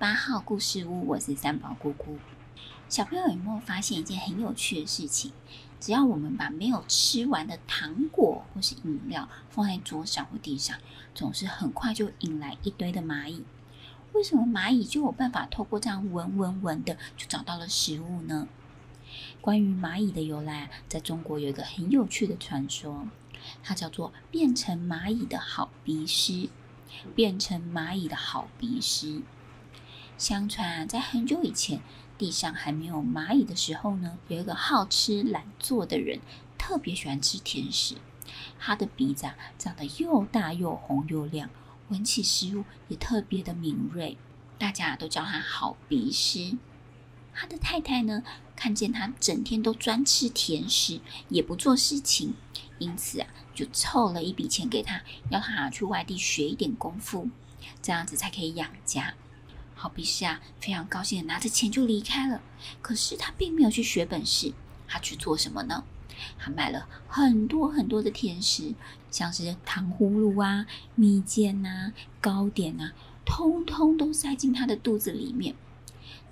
八號故事屋，我是三寶姑姑。小朋友有沒有發現一件很有趣的事情？只要我們把沒有吃完的糖果或是飲料放在桌上或地上，總是很快就引來一堆的螞蟻。為什麼螞蟻就有辦法透過這樣聞聞聞的就找到了食物呢？關於螞蟻的由來，在中國有一個很有趣的傳說，它叫做“變成螞蟻的好鼻師”，變成螞蟻的好鼻師。相傳啊，在很久以前，地上還沒有螞蟻的時候呢，有一個好吃懶做的人，特別喜歡吃甜食。他的鼻子啊，長得又大又紅又亮，聞起食物也特別的敏銳。大家都叫他“好鼻師”。他的太太呢，看見他整天都專吃甜食，也不做事情，因此啊，就湊了一筆錢給他，要他去外地學一點功夫，這樣子才可以養家。好鼻師啊，非常高興的拿着錢就離開了。可是他並沒有去學本事，他去做什麼呢？他買了很多很多的甜食，像是糖葫蘆啊、蜜餞吶、糕點吶、啊，通通都塞進他的肚子裡面。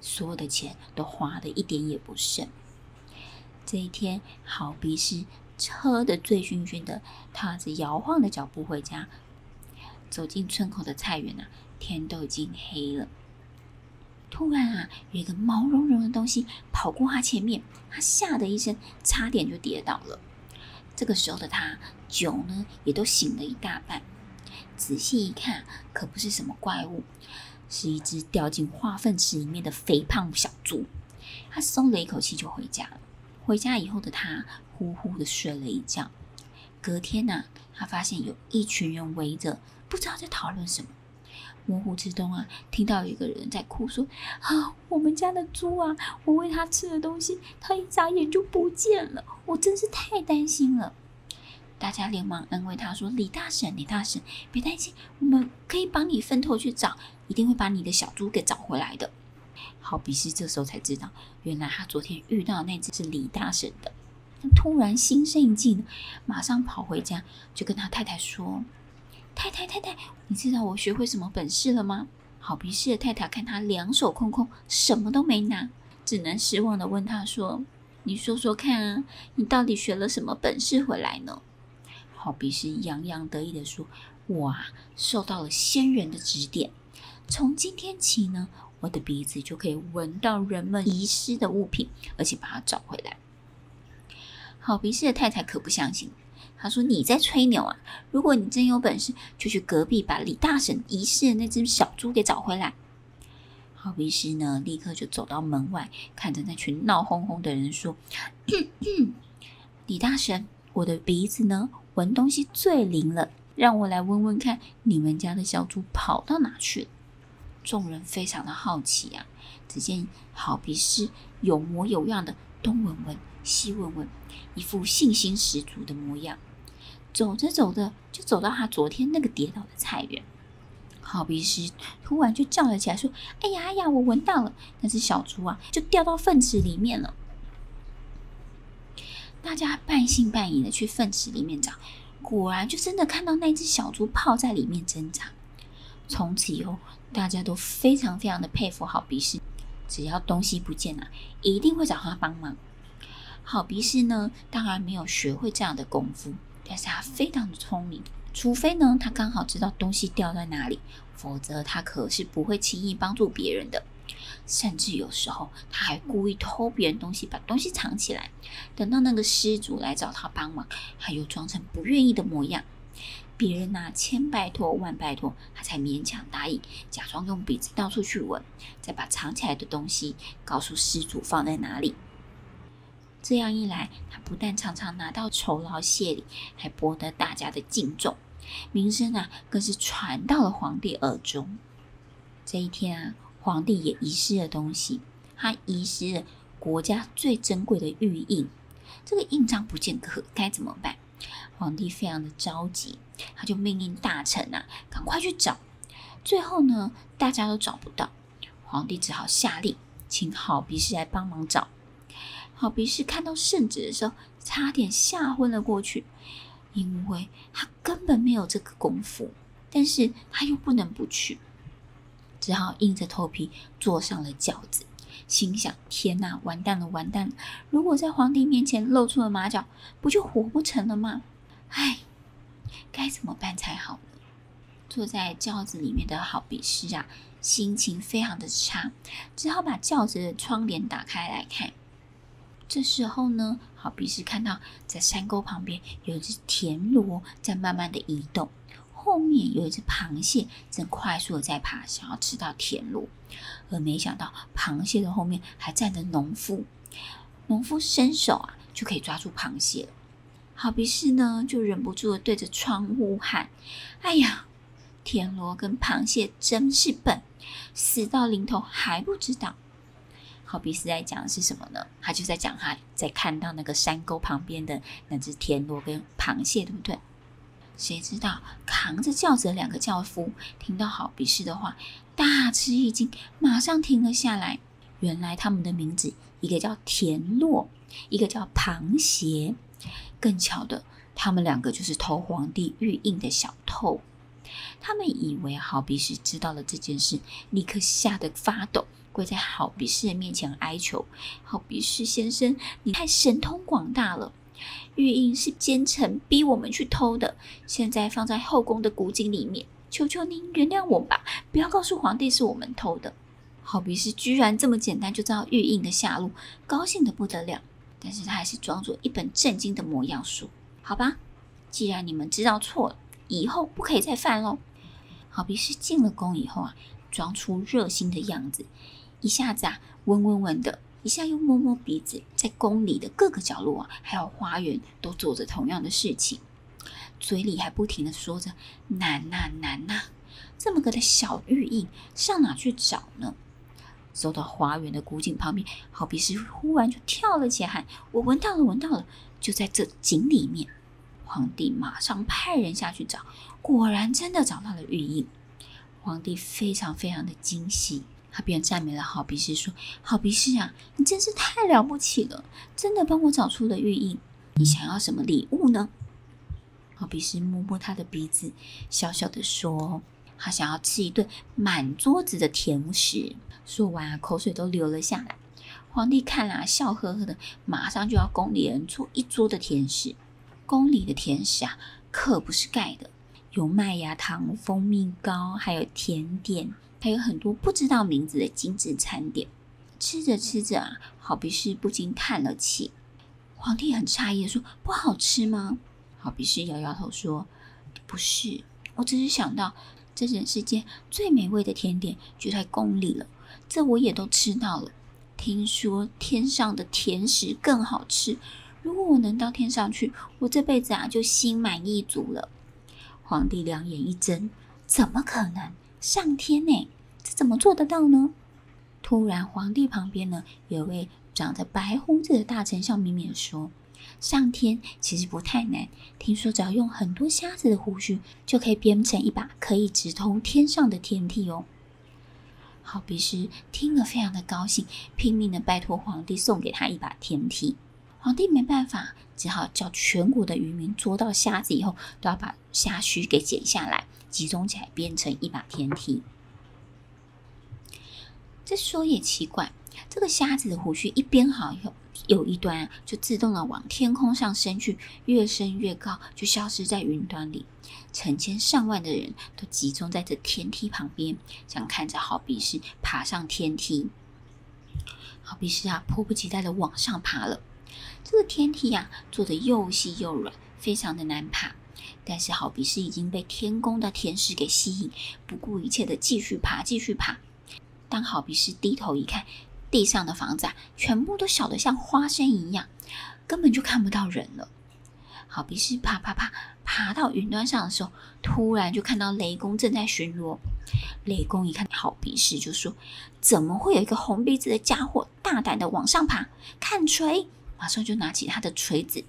所有的錢都花得一點也不剩。這一天，好鼻師喝的醉醺醺的，踏著搖晃的腳步回家。走進村口的菜園啊，天都已經黑了。突然啊，有一個毛茸茸的東西跑過他前面，他嚇得一聲，差點就跌倒了。這個時候的他，酒呢也都醒了一大半。仔細一看，可不是什麼怪物，是一隻掉進化糞池裡面的肥胖小豬。他鬆了一口氣，就回家了。回家以後的他，呼呼的睡了一覺。隔天呢、啊，他發現有一群人圍着，不知道在討論什麼。模糊之中啊，聽到有一個人在哭，說：“啊，我們家的豬啊，我餵它吃的東西，它一眨眼就不見了，我真是太擔心了。”大家連忙安慰他說：“李大嬸，李大嬸，別擔心，我們可以幫你分頭去找，一定會把你的小豬給找回來的。”好鼻師這時候才知道，原來他昨天遇到的那隻是李大嬸的。他突然心生一計，馬上跑回家，就跟他太太說。太太太太，你知道我學會什麼本事了嗎？好鼻師的太太看他兩手空空，什麼都沒拿，只能失望的問他說：“你說說看啊，你到底學了什麼本事回來呢？”好鼻師洋洋得意的說：“哇，受到了仙人的指點，從今天起呢，我的鼻子就可以聞到人們遺失的物品，而且把它找回來。”好鼻師的太太可不相信。他說：“你在吹牛啊！如果你真有本事，就去隔壁把李大嬸遺失的那隻小豬給找回來。”好鼻師呢，立刻就走到門外，看着那群鬧哄哄的人說：“嗯嗯、李大嬸，我的鼻子呢，聞東西最靈了，讓我來聞聞看，你們家的小豬跑到哪去了？”眾人非常的好奇啊！只見好鼻師有模有樣的東聞聞，西聞聞，一副信心十足的模樣。走着走着，就走到他昨天那個跌倒的菜園。好鼻師突然就叫了起來，說：“哎呀哎呀，我聞到了！那隻小豬啊，就掉到糞池裡面了。”大家半信半疑的去糞池裡面找，果然就真的看到那隻小豬泡在裡面掙扎。從此以後，大家都非常非常的佩服好鼻師，只要東西不見了、啊，一定會找他幫忙。好鼻師呢，當然沒有學會這樣的功夫。但是他非常的聰明，除非呢，他剛好知道東西掉在哪裡，否則他可是不會輕易幫助別人的。甚至有時候他還故意偷別人東西，把東西藏起來，等到那個失主來找他幫忙，他又裝成不願意的模樣。別人吶、啊，千拜托萬拜托，他才勉強答應，假裝用鼻子到處去聞，再把藏起來的東西告訴失主放在哪裡。這樣一來，他不但常常拿到酬勞謝禮，還博得大家的敬重，名聲啊更是傳到了皇帝耳中。這一天啊，皇帝也遺失了東西，他遺失了國家最珍貴的玉印，這個印章不見可該怎麼辦？皇帝非常的着急，他就命令大臣啊趕快去找。最後呢，大家都找不到，皇帝只好下令請好鼻師來幫忙找。好鼻師看到聖旨的時候，差點嚇昏了過去，因為他根本沒有這個功夫，但是他又不能不去，只好硬着頭皮坐上了轎子，心想：天哪、啊，完蛋了，完蛋了！如果在皇帝面前露出了馬腳，不就活不成了嗎？唉，該怎麼辦才好呢？坐在轎子裡面的好鼻師啊，心情非常的差，只好把轎子的窗簾打開來看。這時候呢，好鼻師看到在山溝旁邊有一隻田螺在慢慢的移動，後面有一隻螃蟹正快速的在爬，想要吃到田螺，而沒想到螃蟹的後面還站着農夫，農夫伸手啊就可以抓住螃蟹了，好鼻師呢就忍不住的對着窗戶喊：“哎呀，田螺跟螃蟹真是笨，死到臨頭還不知道。”好鼻師在講的是什麼呢？他就在講他在看到那個山溝旁邊的那只田螺跟螃蟹，對不對？誰知道扛着轎子的兩個轎夫聽到好鼻師的話，大吃一驚，馬上停了下來。原來他們的名字，一個叫田螺，一個叫螃蟹。更巧的，他們兩個就是偷皇帝玉印的小偷。他們以為好鼻師知道了這件事，立刻嚇得發抖。跪在好鼻師的面前哀求：“好鼻師先生，你太神通廣大了。玉印是奸臣逼我們去偷的，現在放在後宮的古井裡面。求求您原諒我吧，不要告訴皇帝是我們偷的。”好鼻師居然這麼簡單就知道玉印的下落，高興得不得了。但是他還是裝作一本正經的模樣說：“好吧，既然你們知道錯了，以後不可以再犯哦。”好鼻師進了宮以後啊，裝出熱心的樣子。一下子啊，聞聞聞的，一下又摸摸鼻子，在宮裡的各個角落啊，還有花園，都做着同樣的事情，嘴裡還不停的說着“難吶，難吶”，這麼個的小玉印上哪去找呢？走到花園的古井旁邊，好鼻師忽然就跳了起來，喊：“我聞到了，聞到了！”就在這井裡面，皇帝馬上派人下去找，果然真的找到了玉印，皇帝非常非常的驚喜。他便人贊美了，好鼻師說：“好鼻師啊，你真是太了不起了，真的幫我找出了玉印。你想要什麼禮物呢？”好鼻師摸摸他的鼻子，笑笑的說：“他想要吃一頓滿桌子的甜食。”說完啊，口水都流了下來。皇帝看了啊，笑呵呵的，馬上就要宮裡人做一桌的甜食。宮裡的甜食啊，可不是蓋的，有麥芽糖、蜂蜜糕，還有甜點。還有很多不知道名字的精緻餐點，吃着吃着啊，好鼻師不禁嘆了口氣。皇帝也很詫異地說：“不好吃嗎？”好鼻師搖搖頭說：“不是，我只是想到這人世間最美味的甜點就在宮裡了，這我也都吃到了。聽說天上的甜食更好吃，如果我能到天上去，我這輩子啊就心滿意足了。”皇帝兩眼一睜：“怎麼可能？上天呢、欸？”這怎麼做得到呢？突然，皇帝旁邊呢，有一位長着白鬍子的大臣笑瞇瞇的說：“上天其實不太難，聽說只要用很多蝦子的鬍鬚，就可以編成一把可以直通天上的天梯哦。”好鼻師聽了，非常的高興，拼命的拜托皇帝送給他一把天梯。皇帝沒辦法，只好叫全國的漁民捉到蝦子以後，都要把蝦鬚給剪下來，集中起來編成一把天梯。這說也奇怪，這個瞎子的胡鬚一編好有有一端、啊、就自動的往天空上伸去，越伸越高，就消失在雲端裡。成千上萬的人都集中在這天梯旁邊，想看着好鼻師爬上天梯，好鼻師啊，迫不及待的往上爬了。這個天梯呀、啊，做的又細又軟，非常的難爬。但是好鼻師已經被天空的甜食給吸引，不顧一切的繼續爬，繼續爬。當好鼻師低頭一看，地上的房子啊，全部都小得像花生一樣，根本就看不到人了。好鼻師啪啪啪爬到雲端上的時候，突然就看到雷公正在巡邏。雷公一看好鼻師，就說：“怎麼會有一個紅鼻子的傢伙大膽地往上爬？看錘！”馬上就拿起他的錘子。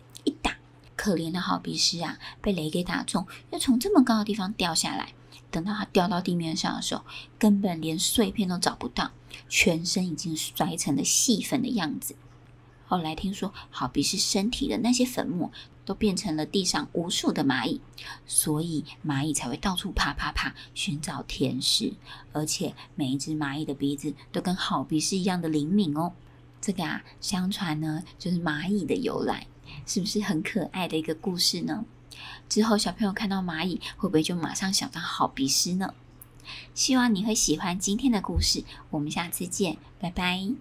可憐的好鼻師啊，被雷給打中，又從這麼高的地方掉下來。等到他掉到地面上的時候，根本連碎片都找不到，全身已經摔成了細粉的樣子。後來聽說，好鼻師身體的那些粉末都變成了地上無數的螞蟻，所以螞蟻才會到處爬爬爬爬，尋找甜食。而且每一隻螞蟻的鼻子都跟好鼻師一樣的靈敏哦。這個啊，相傳呢，就是螞蟻的由來。是不是很可愛的一個故事呢？之後小朋友看到螞蟻，會不會就馬上想到好鼻師呢？希望你會喜歡今天的故事，我們下次見，拜拜。